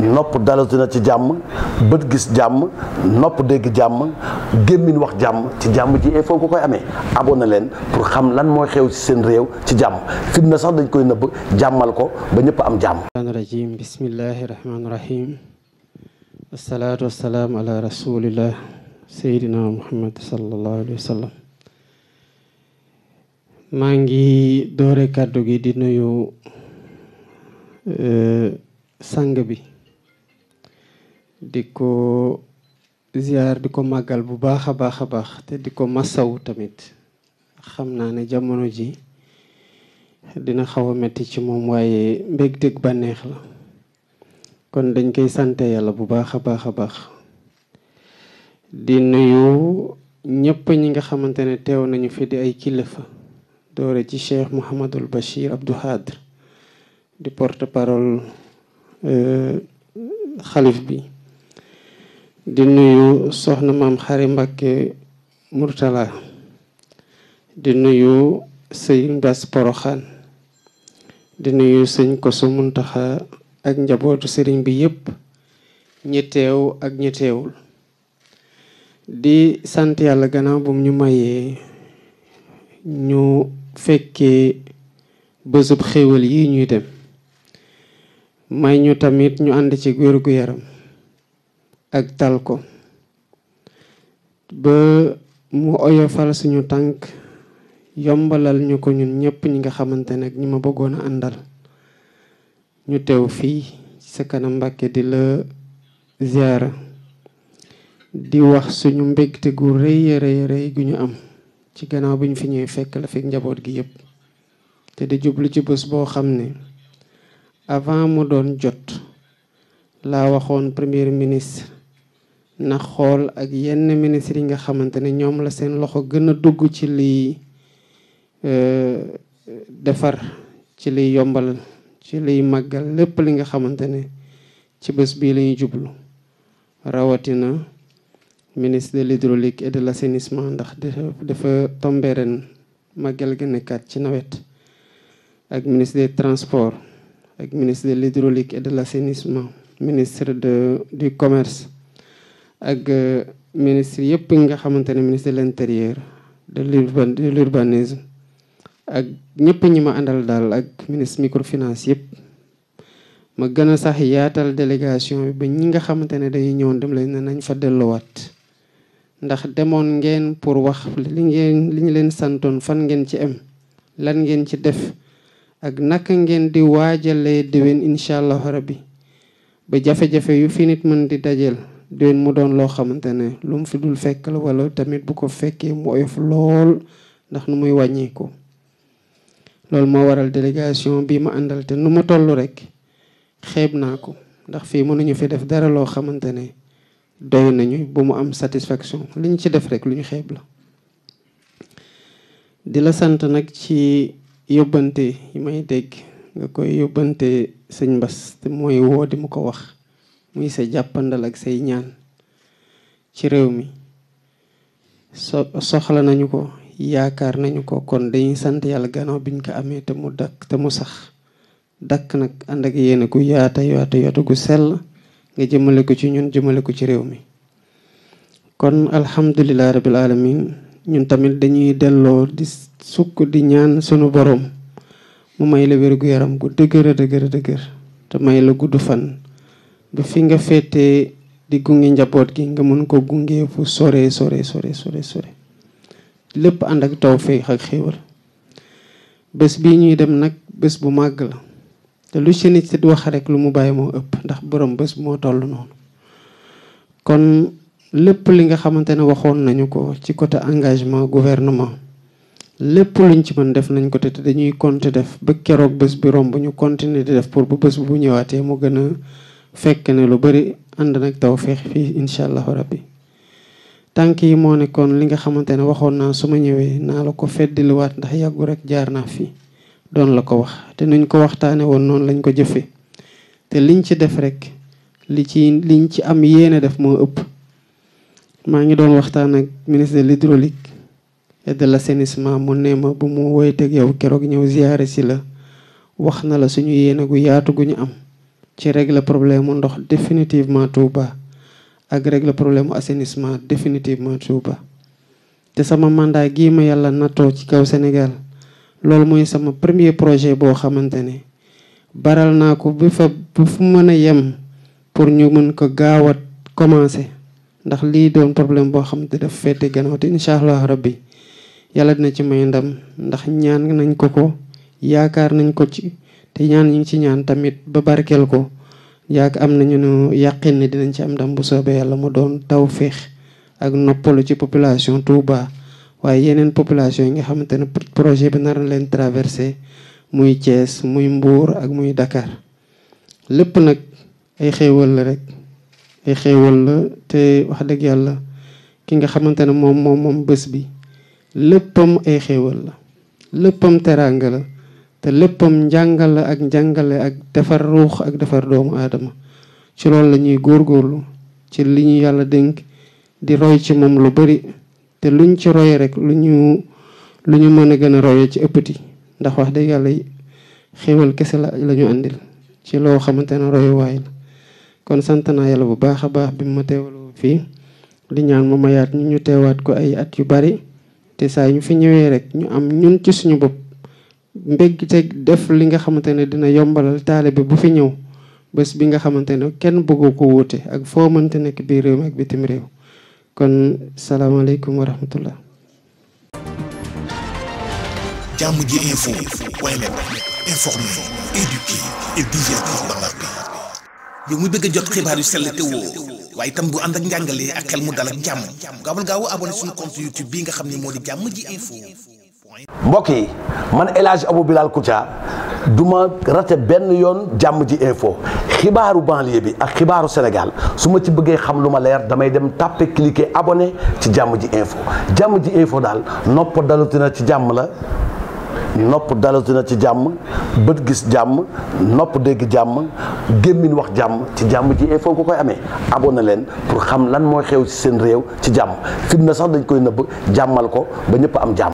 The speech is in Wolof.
nopp dalatu ci jàmm bët gis jàmm nopp dégg jàmm gémmiñ wax jàmm ci jàmm ji il faut nga koy amee aboon na leen pour xam lan mooy xew ci seen réew ci jàmm fitna sax dañ koy nëbb jàmmal ko ba ñëpp am jàmm rajim bismillahi rahmaani rahim asalaatu wasalaam ala rasulillah seydina muhammad sallallahu alayhi wa sallam maa ngi doore kàddu gi di nuyu eh, sang bi di ko ziar di ko màggal bu baax a baax a baax te di ko masaw tamit xam naa ne jamono ji dina xaw a metti ci moom waaye mbégteeg bànneex la kon dañ koy sante yàlla bu baax a baax a baax di nuyu ñëpp ñi nga xamante ne teew nañu fi di ay kilifa doore ci cheikh Mouhamadul Bachir Abdou Khadr di porte parole euh, xalif bi di nuyu soxna maam xari Mbàkke Murtala di nuyu sëñ Bass Poroxaan di nuyu sëñ Koso ak njabootu sëriñ bi yëpp ñi ak ñi di sant yàlla gannaaw bum ñu mayee ñu fekkee bésub xéewal yi ñuy dem may ñu tamit ñu ànd ci wér gu yaram ak tal ko ba mu oyofal suñu tànk yombalal ñu ko ñun ñëpp ñi nga xamante ne ñi ma bëggoon a ñu teew fii ci sa kanam Mbàkke di la ziara di wax suñu mbégte gu rëy rëy rëy gu ñu am ci gannaaw bi ñu fi ñuy fekk la fekk njaboot gi yëpp te di jublu ci bés boo xam ne avant mu doon jot laa waxoon premier ministre na xool ak yenn ministres yi nga xamante ne ñoom la seen loxo gën a dugg ci liy euh, defar ci liy yombal ci liy màggal lépp li nga xamante ne ci bés bii lañuy jublu rawatina ministre de l'hydraulique et de l'assainissement ndax dafa tombé ren màggal ga nekkaat ci nawet ak ministre des transports ak ministre de l'hydraulique et de l'assainissement ministre de du commerce ak euh, ministre yëpp nga xamante ne ministre de l'intérieur de l'urbanisme ak ñëpp ñi ma àndal daal ak ministre microfinance yëpp ma gën a sax yaatal délégation bi ba ñi nga xamante ne dañuy ñëwoon dem leen ne nañ fa dellowaat ndax demoon ngeen pour wax li ngeen li ñu leen santoon fan ngeen ci am lan ngeen ci def ak naka ngeen di waajalee déwén incha allah bi ba jafe-jafe yu fi nit mën di dajeel déwén mu doon loo xamante ne lu mu fi dul fekk la wala tamit bu ko fekkee mu oyof ndax nu muy wàññeeku loolu moo waral délégation bi ma àndal nu ma toll rek xeeb naa ko ndax fii mënuñu fi def dara loo xamante ne doy nañu ba mu am satisfaction li ñu ci def rek lu ñu xeeb la di la sant nag ci yóbbante yi may dégg nga koy yóbbante sëñ Mbas te mooy woo di mu ko wax muy sa jàppandal ak say ñaan ci réew mi soxla nañu ko yaakaar nañu ko kon dañuy sant yàlla gannaaw biñ ko amee te mu dakk te mu sax dakk nag ànd ak yéene gu yaata yaata yaata gu sell nga jëmale ko ci ñun jëmale ko ci réew mi kon alhamdulilah rabil alamin ñun tamit dañuy delloo di sukk di ñaan sunu boroom mu may la wér yaram gu dëgër a dëgër a dëgër te may la gudd fan ba fi nga féetee di gunge njaboot gi nga mën ko gunge fu sore sore sore sore sore lépp ànd ak tawfeex ak xéewal bés bii ñuy dem nag bés bu màgg la te lu ci nit di wax rek lu mu bàyyi moo ëpp ndax boroom bés moo toll noonu kon lépp li nga xamante ne waxoon nañu ko ci côté engagement gouvernement lépp luñ ci mën def nañ ko te dañuy compter def ba keroog bés bi romb ñu continuer di def pour bu bés bu ñëwaatee mu gën fekk ne lu bari ànd nag feex fii incha allahu rabbi tànk yi moo nekkoon li nga xamante ne waxoon naa su ma ñëwee naa la ko feddiliwaat ndax yàggu rek jaar naa fi doon la ko wax te nuñ ko waxtaane woon noonu lañ ko jëfe te liñ ci def rek li ci liñ ci am yéene def moo ëpp maa ngi doon waxtaan ak ministre de l'hydraulique et de l'assainissement mu ne ma bu mu woyteeg yow keroog ñëw ziyaare si la wax na la suñu yéene gu yaatu gu ñu am ci régler problème mu ndox définitivement Touba ak régler problème mu assainissement définitivement Touba te sama mandat gii ma yàlla nattoo ci kaw Sénégal loolu mooy sama premier projet boo xamante ne baral naa ko bi fa bu fu mën a yem pour ñu mën ko gaaw a commencé ndax lii doon problème boo xamante daf féete gannaaw te incha allah rabbi yàlla dina ci may ndam ndax ñaan nañ ko ko yaakaar nañ ko ci te ñaan ñu ci ñaan tamit ba barkeel ko yaak am nañu nu yàqin ni dinañ ci am dam bu soobee yàlla mu doon tawféex ak noppalu ci population Touba waaye yeneen population yi nga xamante ne projet bi nar leen traversé muy Thiès muy mbuur ak muy Dakar lépp nag ay xéewal la rek ay xéewal la te wax dëgg yàlla ki nga xamante ne moom moom moom bés bi léppam ay xéewal la léppam teraanga la te léppam njàngal la ak njàngale ak defar ruux ak defar doomu aadama ci loolu la ñuy góorlu ci li ñu yàlla dénk di roy ci moom lu bari te luñ ci roye rek lu ñu lu ñu mën a gën a roye ci ëppati ndax wax dëgg yàlla xéwal kese la lañu ñu ci loo xamante ne royuwaay la kon sant naa yàlla bu baax a baax bi ma teewaloo fii li ñaan ma mayaat ñu ñu teewaat ko ay at yu bari te saa ñu fi ñëwee rek ñu am ñun ci suñu bopp mbégteeg def li nga xamante ne dina yombalal taalibe bu fi ñëw bés bi nga xamante ne kenn bëggu ko wuute ak foo mënte nekk biir réew mi ak bitim réew kon salaamaaleykum wa rahmatullah jàmm xibaar yu sell te bu ànd ak njàngalee mu dal ak jàmm gaawal gaaw bii nga xam ne moo di jàmm ji mbokk yi man El Hadj Abou Bilal Koutia du ma rate benn yoon jàmm ji info xibaaru banlieue bi ak xibaaru Sénégal su ma ci bëggee xam lu ma leer damay dem tàppe cliquer abone ci jàmm ji info jàmm ji info daal nopp dalutina ci jàmm la nopp dalatina ci jàmm bët gis jàmm nopp dégg jàmm gémmiñ wax jàmm ci jàmm ji info ko koy amee abonné leen pour xam lan mooy xew ci seen réew ci jàmm fitna sax dañ koy nëbb jàmmal ko ba ñëpp am jàmm